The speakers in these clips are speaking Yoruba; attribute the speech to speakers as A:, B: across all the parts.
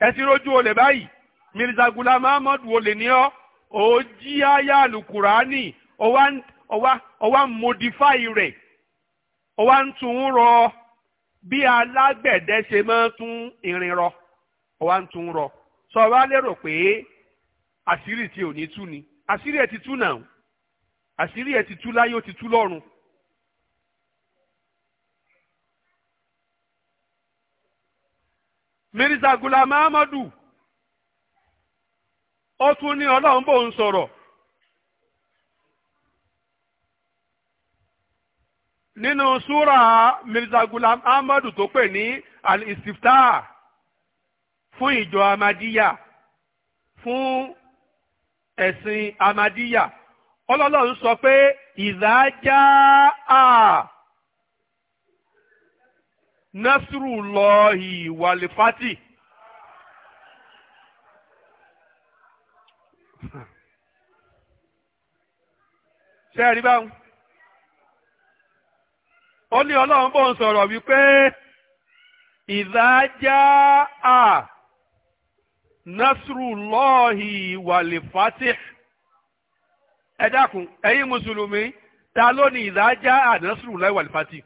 A: ẹtí rojú olè báyìí Mirza Ghulam Ahmad olè ní ọ ó jí àyà alukurani ó wá modify rẹ̀ ó wá ń tún rọ bí alágbẹ̀dẹ ṣe máa ń tún irin rọ ó wá ń tún rọ sọ wá lérò pé àṣírí tí ò ní tú ni àṣírí ẹ ti tú náà àṣírí ẹ ti tú láyé ó ti tú lọ́run. mirza gulam ahmadu ó tún ní ọlọ́run bò ń sọ̀rọ̀ nínú súra mirza gulam ahmadu tó pè ní al-istifta fún ìjọ amadiya fún ẹ̀sìn amadiya ọlọ́run sọ pé ìdájá a nasiru lọhi walifati. ṣe é rí báwọn. ó ní ọlọ́run bó ń sọ̀rọ̀ wípé ìdájá a nasiru lọhi walifati. ẹ dákun ẹ̀yin mùsùlùmí ta ló ní ìdájá a nasiru lọhi walifati.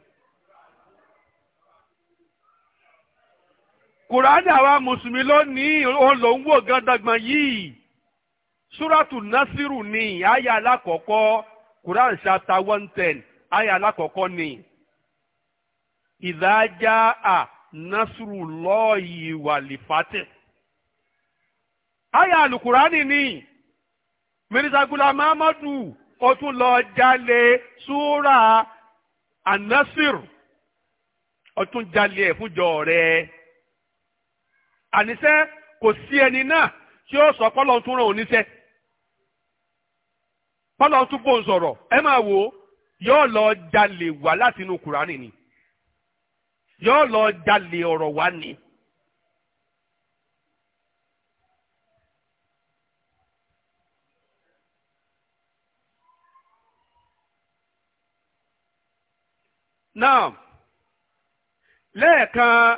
A: kùránì àwa mùsùlùmí lónìí òun ló ń wò gandagban yìí súràtù násírù ni àyà alákọ̀ọ́kọ́ kùránì ṣàtà one ten àyà alákọ̀ọ́kọ́ ni ìdájá à násírù lọ́ọ̀yì wàlífàtẹ̀. àyà alùkùránì ni mínísà gula mahamadu ó tún lọ jalè súrà ànásírù ó tún jalè ẹ̀ fúnjọ rẹ̀. àníṣẹ́ kò sí ẹni náà tí ó sọ pọ́lọ́ tún ràn oníṣẹ́ pọ́lọ́ tún bò ń sọ̀rọ̀ ẹ máa wò ó yóò lọ jalè wá láti inú kùránì ni yóò lọ jalè ọ̀rọ̀ wá ni. náà lẹ́ẹ̀kan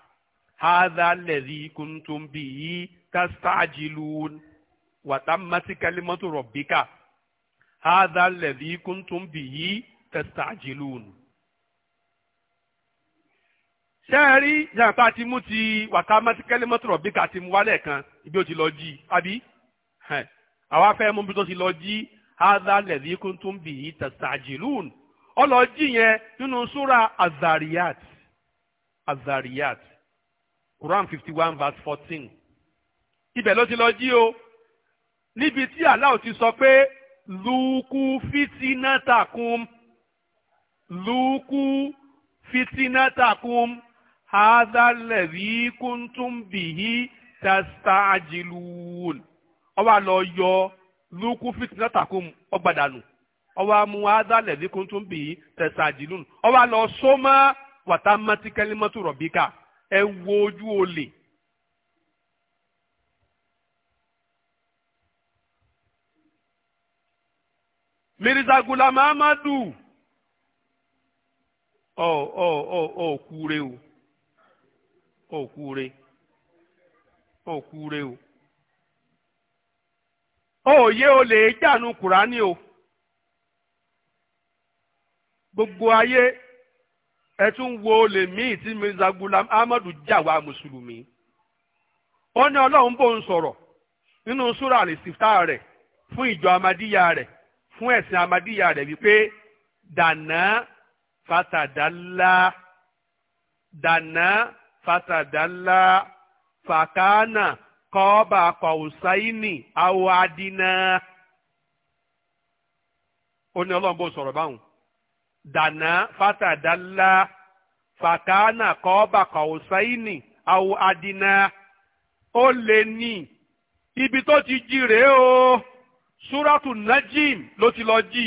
A: hadha alladhi kuntum bihi tastajilun wa tammati kalimatu rabbika hadha alladhi kuntum bihi tastajilun. sẹ́ẹ̀rí jàǹpá ti mú ti wàtá mẹ́tíkẹ́lì mọ́tòrọ̀ bí ká ti mú wálẹ̀ kan ibi ó ti lọ jí àbí àwa fẹ́ mú bí tó ti lọ jí hadha alladhi kuntum bihi tastajilun ọlọ́jí yẹn nínú súra azariyat azariyat Quran fifty one verse fourteen ibẹ̀ ló ti lọ jí o níbi tí Allah ti sọ pé lùkù fitinatakum lùkù fitinatakum hadalẹ̀rí kúntùmbìhí tasta'jilun ọba lọ yọ lùkù fitinatakum ọgbàdànù ọba mu hadalẹ̀rí kúntùmbìhí tasta'jilun ọba lọ sọ́mọ́ wàtá mọ́tíkẹ́límọ́tò rọ̀bíkà ẹ wo ojú olè. mirisa gulam amadu ọ ọ ọ ọ kúre o ọ kúre ọ kúre o ọ yé olè jánu kùránì o gbogbo ayé ẹ tún wo olè tí Mirza Gulam jà mùsùlùmí ó ní ọlọ́run bó ń sọ̀rọ̀ nínú súrà àlèsìftà rẹ̀ fún ìjọ amadíyà rẹ̀ fún ẹ̀sìn amadíyà rẹ̀ wípé dànà fatadàlá dànà fatadàlá fàkánà kọ́ọ̀bà kọ̀ọ̀sáínì adínà ó ní ọlọ́run dana fatadalla fàkánà kọ́ọ̀bà kọ̀ọ̀sáìnì àwọn adìnnà ó lè ní ibi tó ti jí rèé o súrátù najim ló ti lọ jí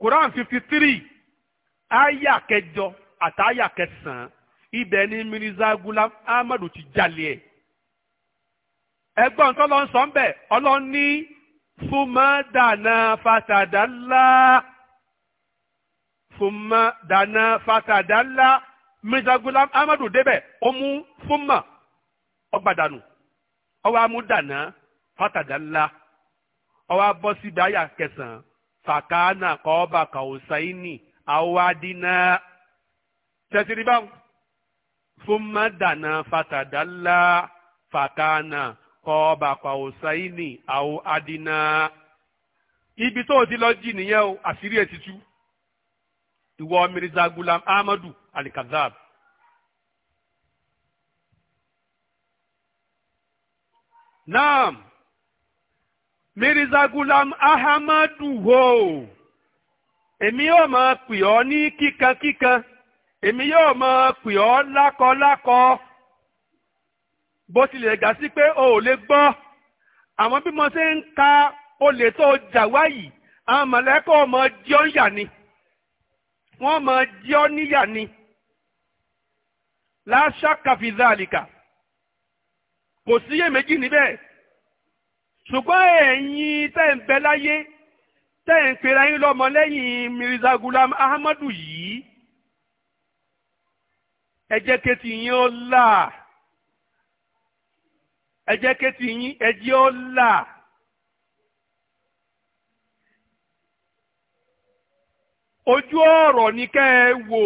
A: quran fifty three aya kẹjọ àti aya kẹsàn-án ibẹ̀ ni mirza gulam ahmadu ti jalè ẹ̀ ẹgbọ́n tó lọ sọ ń bẹ̀ ọlọ́ni fúnmọ́dàna fatadàlá fúnmá dáná fatadala Mirza Ghulam amadu débẹ̀ ó mú fúnmá ọgbàdànù ọwọ́ amú fata fatadala ọwọ́ abọ́ síbi àyà kẹsàn-án fàkánà kọ́ọ́bà kàwùsáínì àwòádínà tẹ̀síríbá fúnmá dáná fatadala fàkánà kọ́ọ́bà kàwùsáínì àwòádínà ibi tó o ti lọ jí nìyẹn o àṣírí ẹ̀ ti tú ìwọ Mirza Gulam Ahmadu alikazab. kazab naam Mirza Gulam Ahmadu ho èmi yóò máa pè ọ́ ní kíkankíkan èmi yóò máa pè ọ́ lákọlákọ bó tilẹ̀ gà sí pé o ò lè gbọ́ àwọn bí mo ṣe ń ka olè tó jà wáyìí àwọn mọ̀lẹ́kọ̀ ọmọ jíọ́yà ni wọ́n máa jẹ́ ọ́ níyà ni láṣà kàfíìzà àlìkà kò síyèméjì níbẹ̀ ṣùgbọ́n ẹ̀yin tẹ́ ń bẹ láyé tẹ́ ń pera yín lọ́mọ lẹ́yìn Mirza Gulam Ahmadu yìí ẹ jẹ́ kétí yín ó là ẹ jẹ́ yín ẹ ó là. ojú ọ̀rọ̀ ni kẹ́ ẹ wò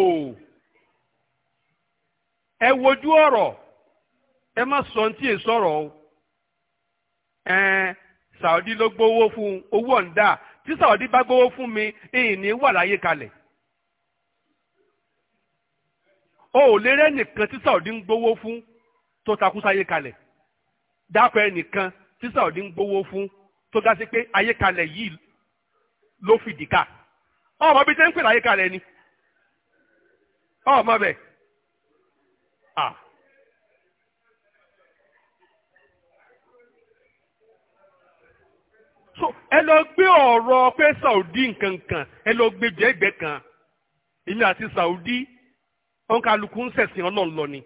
A: ẹ wojú ọ̀rọ̀ ẹ má sọ ní tí ì sọ̀rọ̀ o ẹ Saudi ló gbowó fún owó ọ̀ǹda tí Saudi bá gbowó fún mi ìní wà láyé kalẹ̀ o ò lérè nìkan tí Saudi ń gbowó fún tó takú sáyé kalẹ̀ dápẹ́ ẹnìkan tí Saudi ń gbowó fún tó dá sí pé ayé kalẹ̀ yìí ló fìdí ká. ọmọ bíi tẹ́ ń pè láyé kalẹ̀ ni ọmọ bẹ̀ à. so ẹ lọ gbé ọ̀rọ̀ pé Saudi nkankan ẹ lọ gbé jẹ́gbẹ́ kan èmi àti Saudi ọ̀nkàlùkù ń ṣẹ̀sìn ọlọ́run lọ ni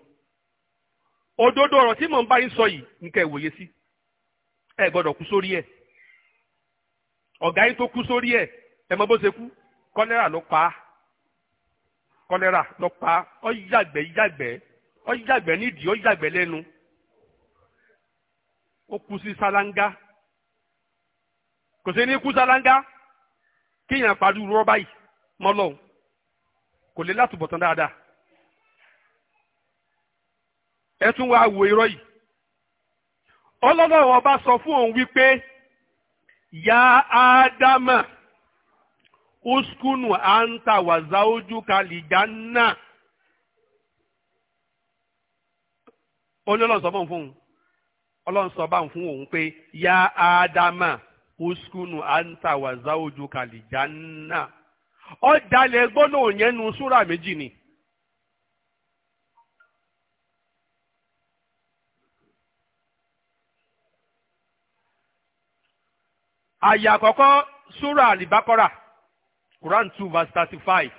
A: òdodo ọ̀rọ̀ tí mò ń bá yín sọ yìí nǹkan ìwòye sí ẹ gbọ́dọ̀ kú sórí ẹ̀ ọ̀gá yín tó kú sórí ẹ̀ ẹ mọ bó ṣe kú kọ́lẹ́rà ló pa á kọ́lẹ́rà ló pa á ó yàgbẹ́ yàgbẹ́ ó yàgbẹ́ nídìí ó yàgbẹ́ lẹ́nu ó kú sí sálángá kò sí ní kú sálángá kíyàn pàdúró rọ́bà yìí mọ́lọ́hún kò lè látúbọ̀tán dáadáa ẹ tún wá wo irọ́ yìí ọlọ́lọ́wọ́ bá sọ fún òun wípé ya ádámà. uskunu anta wa zawjuka lìjánà ó ní ọlọ́run sọ fún òun ọlọ́run bá ń fún òun pé ya ádámà uskunu anta wa zawjuka lìjánà ọ̀dàlẹ̀ gbọ́nà òyìn nu méjì ni. àyà àkọ́kọ́ súrà àlìbákọ́rà. Quran two verse thirty-five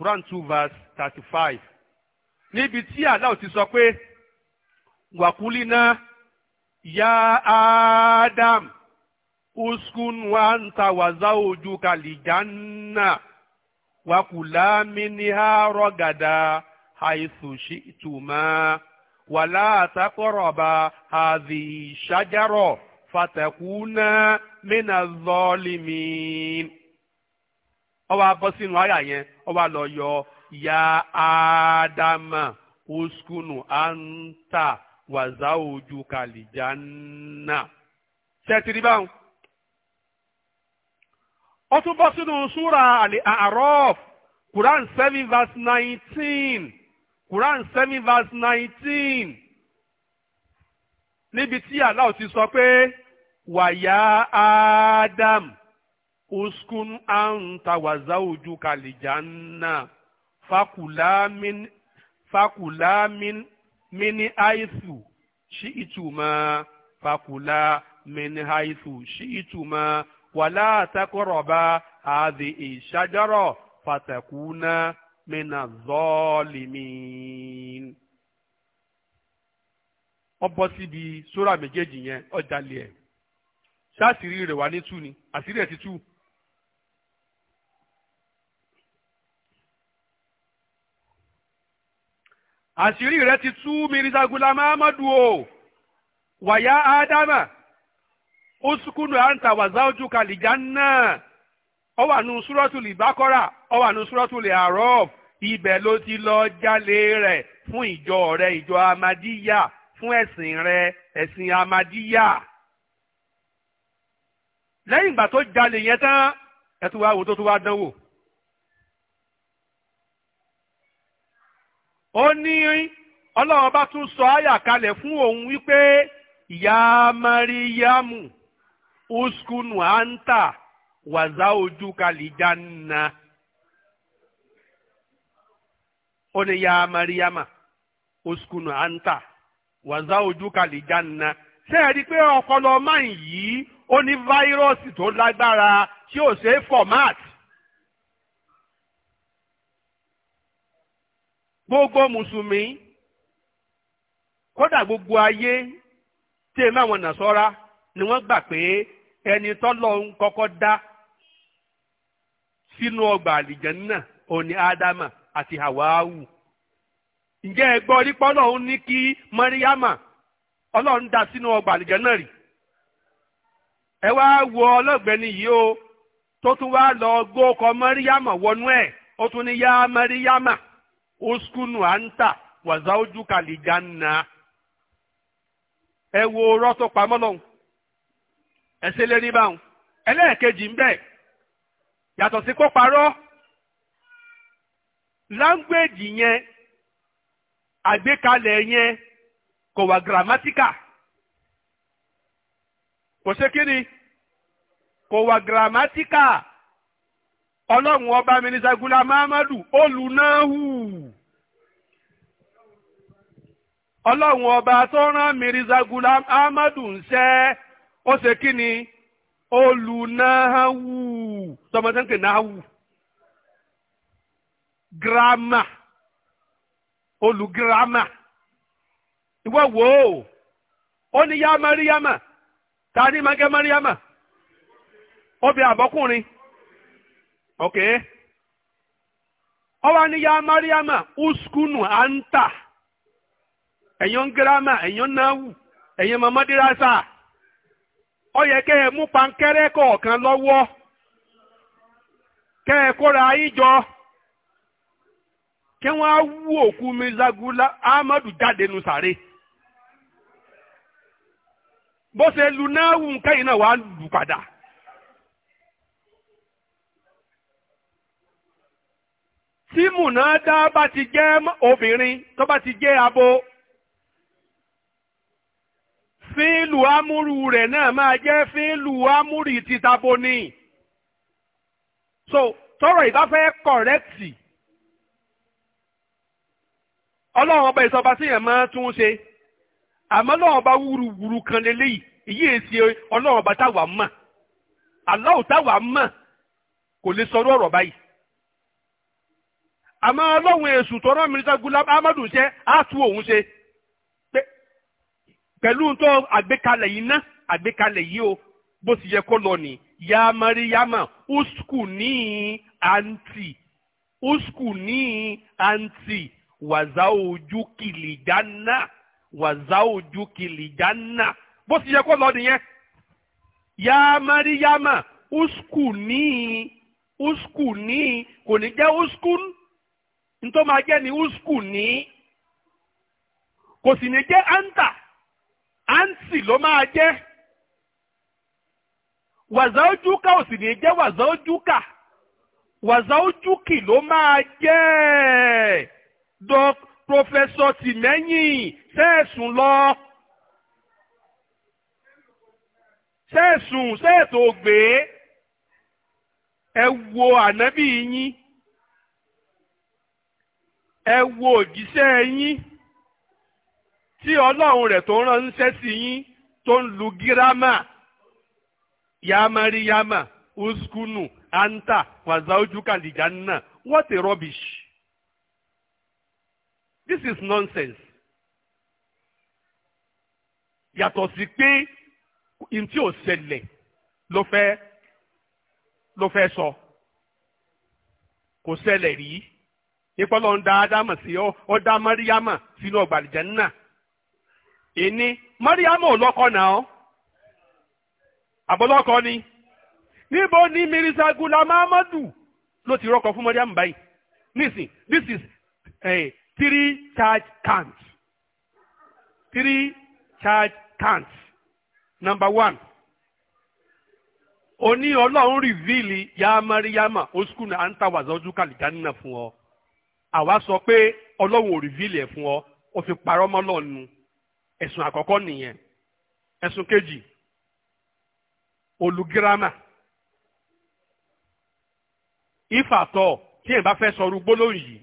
A: Quran two verse thirty-five níbi tí Allah ti sọ pé wàkúlínà ya Adam uskun wa anta wa zawjuka lijanna wakula minha rogada haythu shi'tuma wala taqraba hadhihi shajara fatakuna minaz zalimin ó wá bọ́ sínú àyà yẹn ó lọ yọ ya ádámà uskunu anta wàzáwòjú kàlìjánà ṣẹ́tìrí báwọn. ó tún bọ́ sínú súra àlè àárọ̀ Quran seven verse nineteen Quran seven verse nineteen níbi tí Allah ti sọ pé wàyà Ádámù uskun anta wa zawjuka lijanna fakula min fakula min min aisu shi ituma fakula min aisu shi ituma wala taqraba hadhihi shajara fatakuna min az-zalimin ọbọ síbi sóra méjèèjì yẹn ọjà lẹ ẹ ṣáàṣìírí rẹ wà ní tú ni àṣírí ẹ ti tú. àṣírí rẹ ti tú mirisa gulama amadu o wàyà ádámà usukunu anta wazawju kalijanna ó wà nù súrọ́tù lè bákọ́rà ó wà nù súrọ́tù lè àrọ́ ibẹ̀ ló ti lọ jálẹ̀ rẹ̀ fún ìjọ rẹ̀ ìjọ amadíyà fún ẹ̀sìn rẹ̀ ẹ̀sìn amadíyà. lẹ́yìn ìgbà tó jalè yẹn tán ẹ̀ tó wá wò tó tó wá dánwò. ó ní ọlọ́run bá tún sọ àyà kalẹ̀ fún òun wípé ìyá mariamu uskunu anta wàzà ojú kàlíjánná ó ní ìyá mariama uskunu anta wàzà ojú kàlíjánná ṣé rí gbogbo mùsùlùmí kódà gbogbo ayé tí èmi àwọn nàṣọ́ra ni wọ́n gbà pé ẹni tọ́lọ́ kọ́kọ́ dá sínú ọgbà àlìjẹ́nnà òní ádámà àti hàwáwù ǹjẹ́ ẹ gbọ́ rí pọ́lọ́hún ní kí mọ́ríyámà ọlọ́run dá sínú ọgbà àlìjẹ́nnà rí ẹ wá wo ọlọ́gbẹ́ni yìí o tó tún wá lọ gbókọ mọ́ríyámà wọnú ẹ̀ ó tún ní yá mọ́ríyámà. uskunu anta wàzáójú kàlìjánná ẹ wo ọ̀rọ̀ tó pamọ́ lọ́hùn ẹsẹ̀ lé ní báwọn ẹlẹ́ẹ̀kejì ń bẹ̀ yàtọ̀ sí kó parọ́ láńgbéèjì yẹn àgbékalẹ̀ yẹn kò wà gírámátíkà kò ṣe kí ni kò wà gírámátíkà. ọlọ́run ọba mínísà gula mahamadu olùnáhù ọlọ́run ọba tó rán mínísà gula mahamadu ń ṣẹ́ ó ṣe kí ni olùnáhù tọmọtẹ́ǹkì náhù gírámà olùgírámà ìwọ wò ó ó ní yá mariama ta ni máa gẹ mariama obìnrin àbọ́kùnrin. ok ọwọ́ ni ya mariama uskunu anta enyo girama ẹ̀yàn náwù ẹ̀yàn mamadirasa ó yẹ kẹ́ ẹ mú pankẹ́rẹ́ kọ̀ọ̀kan lọ́wọ́ kẹ́ ẹ kóra yín jọ kí wọ́n á wú òkú mizagula ahmadu jáde nu sàré bó ṣe lu náwù nǹkan yìí náà wàá lù tí mùnádá bá ti jẹ́ obìnrin tó bá ti jẹ́ abo fíìlù amúrù rẹ̀ náà máa jẹ́ fíìlù amúrì títabo ni. so tọrọ ìbáfẹ́ kọ̀rẹ́tì ọlọ́run ọba ìsọba tí yẹn máa tún ṣe àmọ́ ọlọ́run ọba wúruwúru kan lélẹ́yìí èyí èsì ọlọ́run ọba táwa mọ̀ Allah táwa mọ̀ kò lè sọrú ọ̀rọ̀ báyìí àmọ́ ọlọ́run èṣù tọ́rọ mínísítà Gulam Amadu ṣe á tú òun ṣe pẹ̀lú tó àgbékalẹ̀ yìí ná àgbékalẹ̀ yìí o bó ti yẹ kó lọ ní ya Mariama usku ní àǹtí usku ní àǹtí wàzà ojú kìlì jánà wàzà ojú kìlì jánà bó ti yẹ kó lọ nìyẹn ya Mariama usku ní usku ní kò ní jẹ́ uskun nítorí máa jẹ́ ní usku ní kò sì ní jẹ́ anta ansi ló máa jẹ́ wàzáójúkà ò sì ní jẹ́ wàzáójúkà wàzáójúkì ló máa jẹ́ doc professor tìmẹ́yìn sẹ́ẹ̀sùn lọ sẹ́ẹ̀sùn sẹ́ẹ̀sùn ògbé ẹ wo ànábì yín ẹ wo òjíṣẹ́ yín tí ọlọ́run rẹ̀ tó ránṣẹ́ sí yín tó ń lu gírámà yamariyama uskunu anta wazaujuka lijanna what a rubbish this is nonsense yàtọ̀ sí pé n tí ò ṣẹlẹ̀ ló fẹ́ ló fẹ́ sọ kò ṣẹlẹ̀ rí. ìpọ́lọ́ ń da ádámà sí ọ ọ dá mọ́ríyámà sínú ọgbà àlìjẹ́nà ìní ọ ò náà ọ́ ni níbo ni mirisa gula mahamadu ló ti rọ́kọ fún mọ́ríyámà báyìí nísìn this is eh, three charge count three charge count number one oní ọlọ́run rìvíìlì yá ó sùkúlù à ń tàwàzọ́jú kàlìjánná fún ọ. àwa sọ pé ọlọ́run ò rìvílì ẹ̀ fún ọ ó fi parọ́ mọ́ lọ́nu ẹ̀sùn àkọ́kọ́ nìyẹn ẹ̀sùn kejì olùgírámà ìfàtọ̀ tí èèyàn bá fẹ́ sọrú gbólóhùn yìí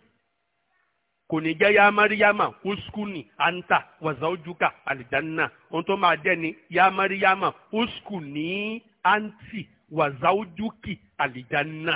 A: kò ní jẹ́ yá máríyámà uskuni anta wazaujuka alijanna ohun tó máa jẹ́ ni yá máríyámà uskuni anti wazaujuki alijanna.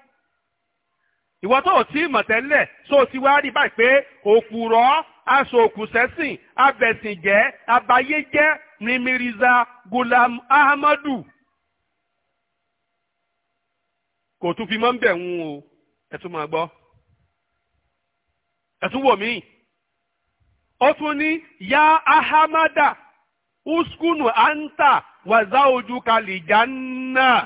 A: ìwọ tó o tí mọ̀ tẹ́lẹ̀ tó ti wá rí báyìí pé òpùrọ̀ ni Gulam Ahmadu kò tún fi mọ́ ń bẹ̀ ń o ẹ tún máa gbọ́ ẹ tún mí ó ya ahamada uskunu anta wàzà ojú kalìjà náà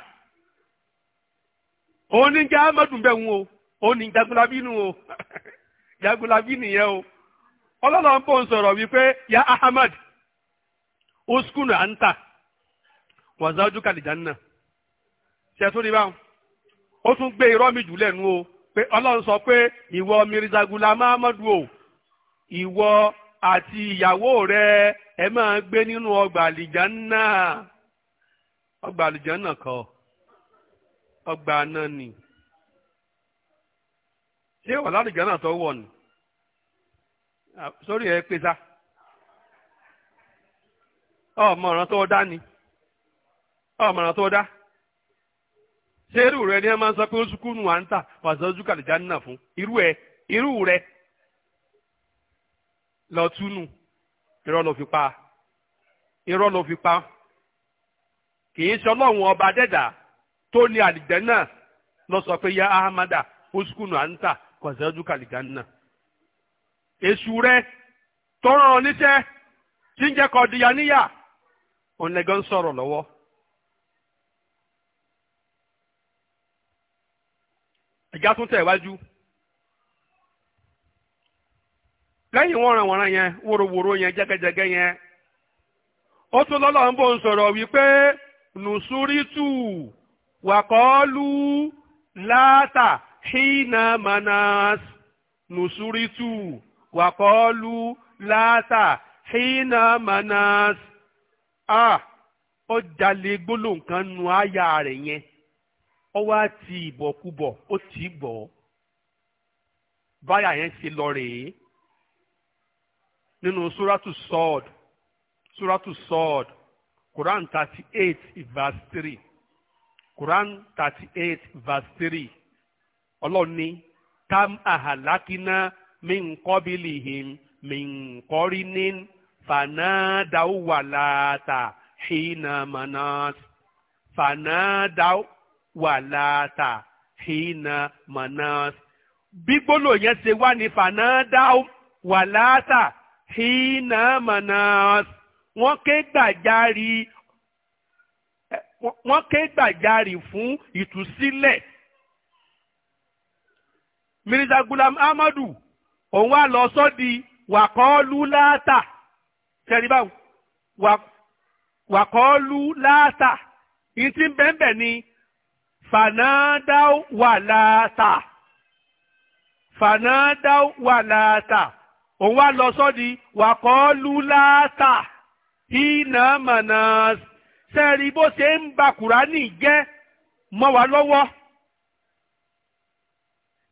A: òun ní jẹ́ Ahmadu bẹ̀ ń o. ó ní jagunlabi o jagunlabi nìyẹn o ọlọ́lọ́ ń bò ń sọ̀rọ̀ wípé ya ahmad uskunu anta wàzájú kàlìjánná ṣètò ní báwọn ó tún gbé irọ́ mi jù lẹ́nu o pé ọlọ́run sọ pé ìwọ mirza gulam o ìwọ àti ìyàwó rẹ ẹ máa gbé nínú ọgbà àlìjánná ọgbà àlìjánná kọ́ ọgbà náà nìyí. ṣé wà lálùjá náà tó wọ̀ ni sórí ẹ pé sá tó dá ni ọmọ tó dá ṣé irú rẹ ni ẹ máa ń sọ pé ó sukú nù à ń tà wàzọ ojú nínà fún irú ẹ irú rẹ lọ irọ́ ló fi pa irọ́ ló fi pa kì í ọba dẹ́dà tó ní àlìjẹ́ náà lọ sọ pé ya ahamada uskunu anta kọ̀sẹ́jú kàlìgánà èṣù rẹ tọ́ràn oníṣẹ́ tí ń jẹ́ kọ́ dìyà níyà ọ̀nẹ́gán sọ̀rọ̀ lọ́wọ́. ẹ̀já tún tẹ̀ wájú lẹ́yìn yẹn wóróworó yẹn jẹ́gẹ́jẹ́gẹ́ yẹn ó tún lọ́lọ́ ń bò hina manas nusuritu wàkọ́ọ́lù láàtà hina manas a ó jalè gbólóhùn kan nu àyà rẹ̀ yẹn ó wá ti ìbọ̀kúbọ̀ ó tì í bọ̀ báyà yẹn ti lọ rèé nínú suratu sọ́ọ̀d suratu sọ́ọ̀d Quran thirty eight verse three Quran thirty eight verse three ọlọ́run ní kam ahalakina min kọbilihim min fana fanadaw walata hina manas fanadaw walata hina manas bígbólo yẹn ṣe wá ní fanadaw walata hina manas wọ́n ké gbàjarì wọ́n ké gbàjarì fún ìtúsílẹ̀ mirza gulam amadu òun wá lọ sọ́di wàkọ́ọ́lù láàtà tẹ̀rí báwo wàkọ́ọ́lù láàtà yìí ti ni fanadáw wà láàtà fanadáw wà láàtà òun wá lọ sọ́di wàkọ́ọ́lù láàtà iná mọ̀nà sẹ́ẹ̀rí bó ṣe ń ba kùránì jẹ́ mọ́ wa lọ́wọ́.